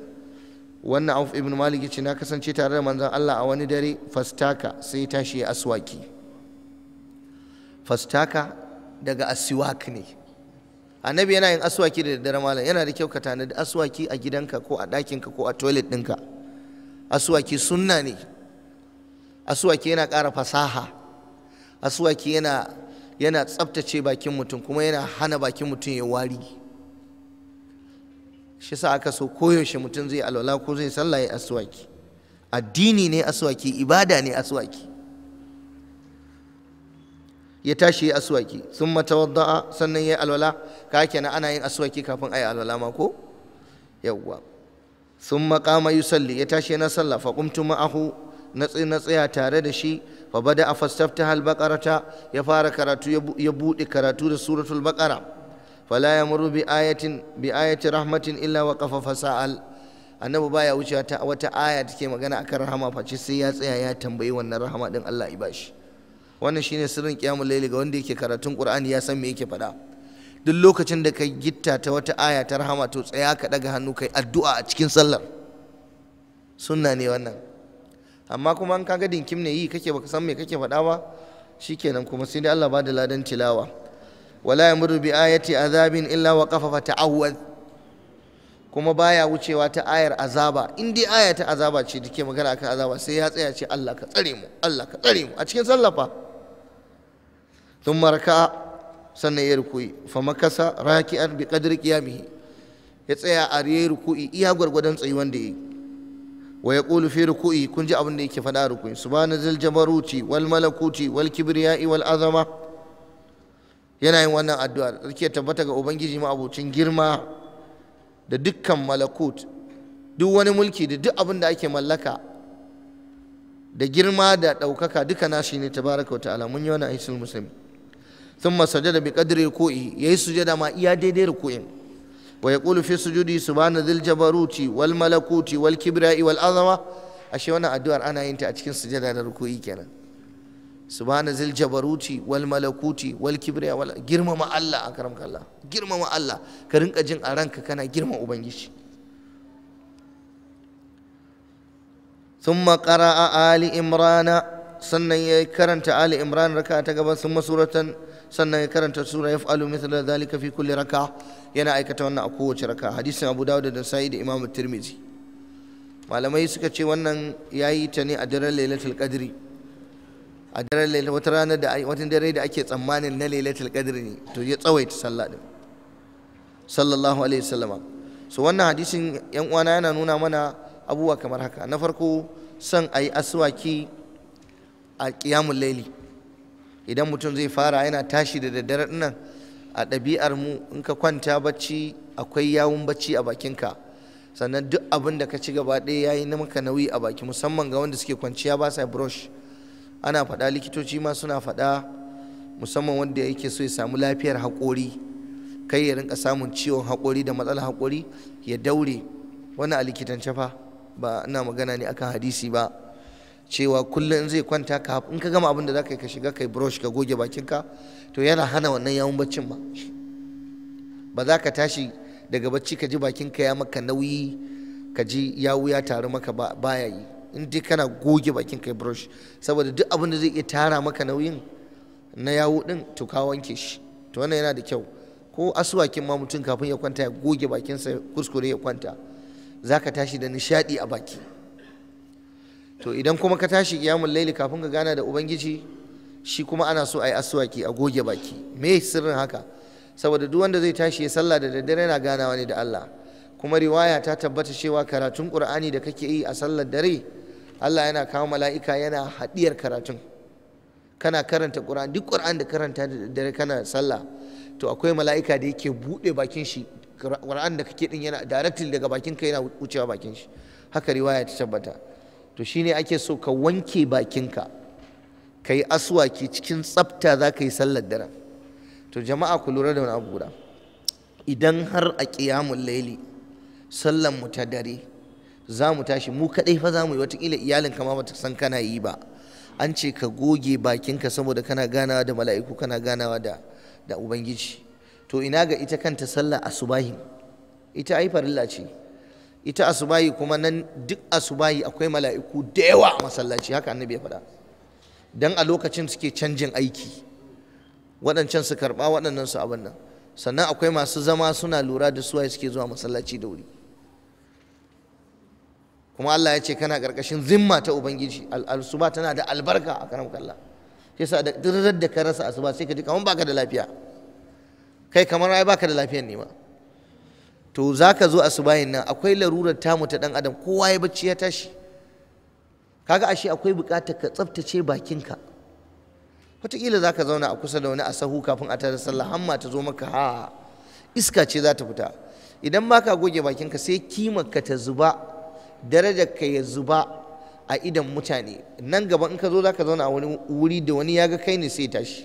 S1: وأن عوف بن مالك يتنا كسن تتعرى من الله أواني داري فاستاكا سيتاشي أسواكي فاستاكا daga asiwak ne annabi yana yin aswaki da daddare malam yana da kyau ka tanadi aswaki a gidanka ko a ɗakinka ko a toilet ɗinka aswaki sunna ne aswaki yana ƙara fasaha aswaki yana yana tsaftace bakin mutum kuma yana hana bakin mutum ya wari shi sa aka so koyaushe mutum zai alwala ko zai sallah ya aswaki addini ne aswaki ibada ne aswaki ya tashi ya aswaki sun matawadda'a sannan ya alwala ka na ana yin aswaki kafin a yi alwala ma ko yawwa sun maƙama salli ya tashi na sallah fa qumtu ma'ahu na tsaya tare da shi fa bada a al-baqarata ya fara karatu ya buɗe karatu da suratul baqara fala yamuru bi ayatin bi ayati rahmatin illa wa qafa fasa'al annabi baya wucewa ta wata aya take magana akan rahama face sai ya tsaya ya tambayi wannan rahama din Allah ya bashi wannan shine sirrin kiyamul layli ga wanda yake karatun qur'ani ya san me yake faɗa duk lokacin da kai gitta ta wata aya ta rahama to tsaya ka daga hannu kai addu'a a cikin sallar sunna ne wannan amma kuma an kaga dinkim ne yi kake baka san me kake fada ba shikenan kuma sai dai Allah ba da ladan tilawa wala yamuru bi ayati azabin illa wa qafafa ta'awwaz kuma baya wucewa ta ayar azaba in dai aya ta azaba ce ke magana akan azaba sai ya tsaya ce Allah ka tsare mu Allah ka tsare mu a cikin sallafa Sun ركع sannan ya rukuyi fa makasa raki'an bi qadri qiyamihi ya tsaya a yayi ruku'i iya gwargwadon tsayi wanda yayi wa yaqulu fi ruku'i kun ji abin da yake faɗa ruku'i subhana zal jabaruti wal malakuti wal kibriya'i wal azama yana yin wannan addu'a tsarki tabbata ga ubangiji ma girma da dukkan malakut duk wani mulki da duk abin da ake mallaka da girma da ɗaukaka duka nashi ne tabaraka wa ta'ala mun yi wani aisul musulmi thumma sajada bi qadri ruku'i yayi sujada ma iya daidai ruku'in wa yaqulu fi sujudi subhana dhil jabaruti wal malakuti wal azama ashe wannan addu'ar ana yin a cikin sujada da ruku'i kenan subhana dhil jabaruti wal malakuti wal girmama Allah akramka Allah girmama Allah ka jin a ranka girma ubangiji ثم قرأ آل إمران sannan ya karanta Ali Imran raka ta gaban sun masuratan sannan ya karanta sura ya fa'alu mithla dhalika fi kulli raka yana aikata wannan a kowace raka hadisin Abu Dawud da Sa'id da Imam al-Tirmizi malamai suka ce wannan yayi ta ne a daren Lailatul Qadri a daren Lailatul wata rana da wata dare da ake tsammanin na Lailatul Qadri ne to ya tsawaita sallah din sallallahu alaihi wasallama so wannan hadisin yan uwana yana nuna mana abubuwa kamar haka na farko son ayi aswaki a qiyamul laili idan mutum zai fara yana tashi da daddare nan a ɗabi'ar mu in ka kwanta bacci akwai yawun bacci a bakinka sannan duk abin da ka ci gaba ɗaya yayi na maka nauyi a baki musamman ga wanda suke kwanciya ba sa brush ana faɗa likitoci ma suna faɗa musamman wanda yake so ya samu lafiyar haƙori kai ya rinka samun ciwon haƙori da matsalar haƙori ya daure wani a likitance fa ba ina magana ne akan hadisi ba cewa kullum zai kwanta ka in ka gama abin da za ka yi ka shiga kai brush ka goge bakinka to yana hana wannan yawon baccin ba ba za ka tashi daga bacci ka ji bakinka ya maka nauyi ka ji yawu ya taru maka baya yi in dai kana goge bakin kai brush saboda duk abin da zai iya tara maka nauyin na yawu din to ka wanke shi to wannan yana da kyau ko asuwakin ma mutum kafin ya kwanta ya goge bakinsa kuskure ya kwanta za ka tashi da nishadi a baki to idan kuma ka tashi kiyamul laili kafin ka gana da ubangiji shi kuma ana so a yi aswaki a goge baki me sirrin haka saboda duk wanda zai tashi ya sallah da daddare yana ganawa ne da Allah kuma riwaya ta tabbata cewa karatun Qur'ani da kake yi a sallar dare Allah yana kawo mala'ika yana hadiyar karatun kana karanta Qur'ani duk Qur'ani da karanta da daddare kana sallah to akwai mala'ika da yake bude bakin shi Qur'an da kake din yana directly daga bakin ka yana wucewa bakin shi haka riwaya ta tabbata to shi ne ake so ka wanke bakinka ka yi aswaki cikin tsafta za ka yi sallar daren to jama'a ku lura da wani abu guda idan har a ƙiyamun laili sallan mu ta dare za mu tashi mu kaɗai fa za mu yi watakila iyalin kama ta san kana yi ba an ce ka goge bakinka saboda kana ganawa da mala'iku kana ganawa da da ubangiji to ina ga ita kanta sallah asubahin ita ai farilla ce ita asubahi kuma nan duk asubahi akwai mala'iku da yawa a masallaci haka annabi ya faɗa dan a lokacin suke canjin aiki waɗancan su karɓa waɗannan su abin nan sannan akwai masu zama suna lura da suwaye suke zuwa masallaci da wuri kuma Allah ya ce kana ƙarƙashin zimma ta ubangiji al'asuba tana da albarka a karam kalla yasa da dirar da ka rasa asuba sai ka ji kamar baka da lafiya kai kamar ai baka da lafiyar ne ma to za ka zo asubahin nan akwai larurar tamu ta dan adam kowa ya bacci ya tashi kaga ashe akwai buƙatar ka tsaftace bakinka wataƙila za ka zauna a kusa da wani a sahu kafin a tada sallah hamma ta zo maka ha iska ce za ta fita idan ba ka goge bakinka sai ka ta zuba ka ya zuba a idan mutane nan gaba in ka zo za ka zauna a wani wuri da wani ya ga kai ne sai tashi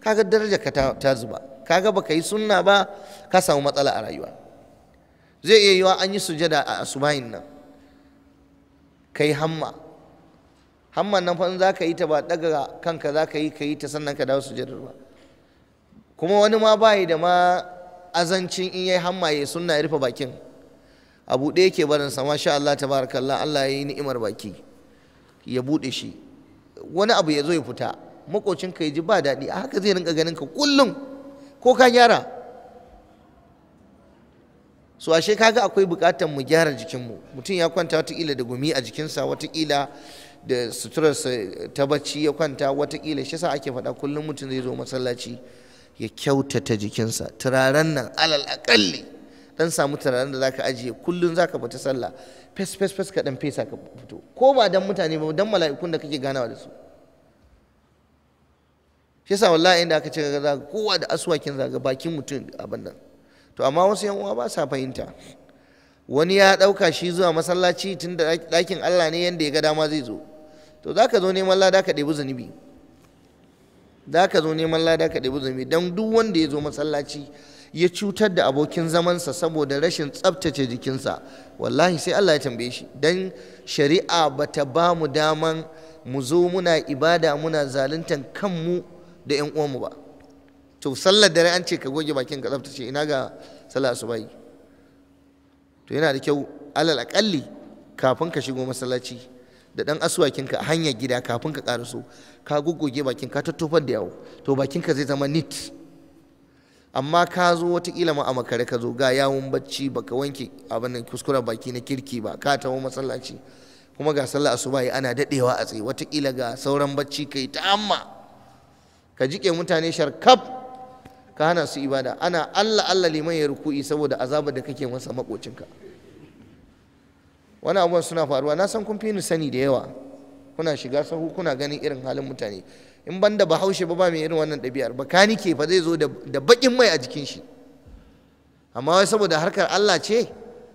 S1: kaga darajar ka ta zuba kaga baka yi sunna ba ka samu matsala a rayuwa zai iya yiwa an yi sujada a asubahin nan kai hamma hamman nan fa za ka yi ta ba daga kanka za ka yi ka yi ta sannan ka dawo sujadar ba kuma wani ma bayi da ma azancin in yayi hamma ya sunna ya rufe bakin a buɗe yake barin sa masha Allah tabarakallah Allah ya yi ni'imar baki ya buɗe shi wani abu ya zo ya fita makocinka ya ji ba daɗi a haka zai rinka ganin ka kullum ko ka gyara so ashe kaga akwai bukatar mu gyara jikinmu mutum ya kwanta watakila da gumi a jikinsa watakila da suturarsa ta bacci ya kwanta watakila shi sa ake faɗa kullum mutum zai zo masallaci ya kyautata jikinsa turaren nan alal akalli dan samu turaren da zaka ajiye kullum zaka fita sallah fes fes fes ka dan fesa ka fito ko ba dan mutane ba dan mala'ikun da kake ganawa da su shi sa wallahi inda aka ce kowa da aswakin zaga bakin mutum abin nan to amma wasu yan uwa ba sa fahimta wani ya ɗauka shi zuwa masallaci tun da ɗakin Allah ne yanda ya ga dama zai zo to za ka zo neman lada ka ɗebi zunubi za ka zo neman lada ka ɗebi zunubi don duk wanda ya zo masallaci ya cutar da abokin zamansa saboda rashin tsabtace jikinsa wallahi sai Allah ya tambaye shi don shari'a ba ta ba mu daman mu zo muna ibada muna zaluntan kanmu da 'yan uwanmu ba to sallar dare an ce ka goge bakin ka tsaftace ina ga sallar yi to yana da kyau alal akalli kafin ka shigo masallaci da dan asuwakin ka a hanyar gida kafin ka karaso ka goggoge bakin ka tattofar da yawo to bakin ka zai zama neat amma ka zo watakila ma a makare ka zo ga yawon bacci baka wanke abin nan kuskuren baki na kirki ba ka tawo masallaci kuma ga sallar asuba ana dadewa a tsaye watakila ga sauran bacci kai ta amma ka jike mutane sharkaf ka hana su ibada ana Allah Allah liman ya ruku'i saboda azabar da kake masa makocinka wani abubuwan suna faruwa na san kun fi ni sani da yawa kuna shiga sahu kuna ganin irin halin mutane in ban da bahaushe ba ba mai irin wannan ɗabi'ar ba ka nike fa zai zo da baƙin mai a jikin shi amma wai saboda harkar Allah ce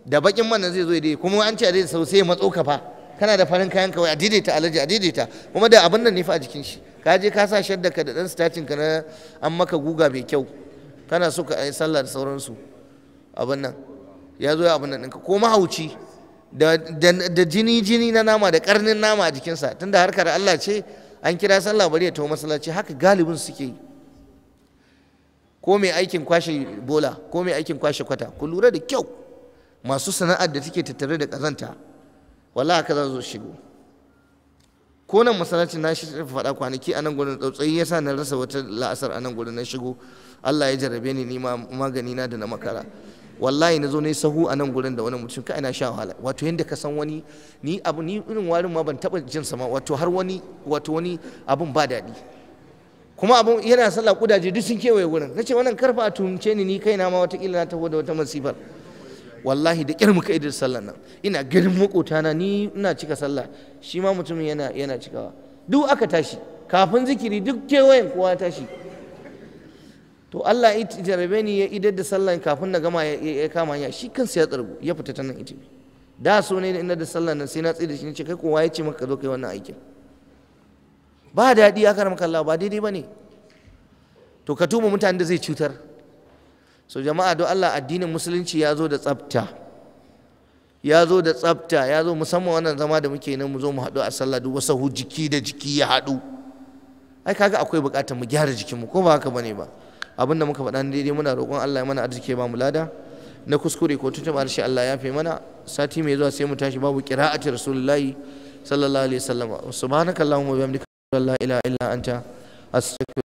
S1: da baƙin mana zai zo dai kuma an ce a dai sau sai matso fa kana da farin kayan kawai a daidaita alaji a daidaita kuma da abin nan ne fa a jikin shi ka je ka sa shadda ka da dan stacin ka na an maka guga mai kyau kana so ka yi sallah da sauransu abin nan ya zo ya abin nan ɗinka ko mahauci da jini jini na nama da karnin nama a jikinsa tunda harkar Allah ce an kira sallah bari ya tawo masallaci haka galibin suke yi ko mai aikin kwashe bola ko mai aikin kwashe kwata ku lura da kyau masu sana'ar da take tattare da kazanta wallahi haka za su shigo ko nan masallacin na shi faɗa kwanaki a nan gurin tsautsayi sa na rasa wata la'asar a nan gudun na shigo Allah ya jarrabe ni ni magani na da na makara wallahi na zo ne sahu a nan gudun da wani mutum kai na sha wahala wato yanda ka san wani ni abu ni irin warin ma ban taba jin sama wato har wani wato wani abun ba daɗi kuma abun yana sallah kudaje duk sun kewaye gurin nace wannan karfa a tunce ni ni kaina ma wata kila na taho da wata masifar wallahi da kyar muka idar sallar nan ina ganin makotana ni ina cika sallah shi ma mutumin yana yana cikawa duk aka tashi kafin zikiri duk kewayen kowa ya tashi to Allah ya tarbe ni ya idar da sallah kafin na gama ya kama ya shi kansa ya tsargu ya fita ta nan ita da so ne ina da sallah nan sai na tsaye da shi ce kai kowa ya ce maka ka zo kai wannan aikin ba daɗi aka ramka Allah ba daidai ba ne to ka tuma mutanen da zai cutar so jama'a don Allah addinin musulunci ya zo da tsabta ya zo da tsabta ya zo musamman wannan zama da muke nan mu zo mu haɗu a sallah duk hu jiki da jiki ya haɗu ai kaga akwai buƙatar mu gyara jikin mu ko ba haka bane ba abin da muka faɗa daidai muna roƙon Allah ya mana arziki ba mu lada na kuskure ko tuntuɓa harshe Allah ya fi mana sati mai zuwa sai mu tashi babu qira'ati rasulullahi sallallahu alaihi wasallam subhanakallahumma wa bihamdika la ilaha illa anta astaghfiruka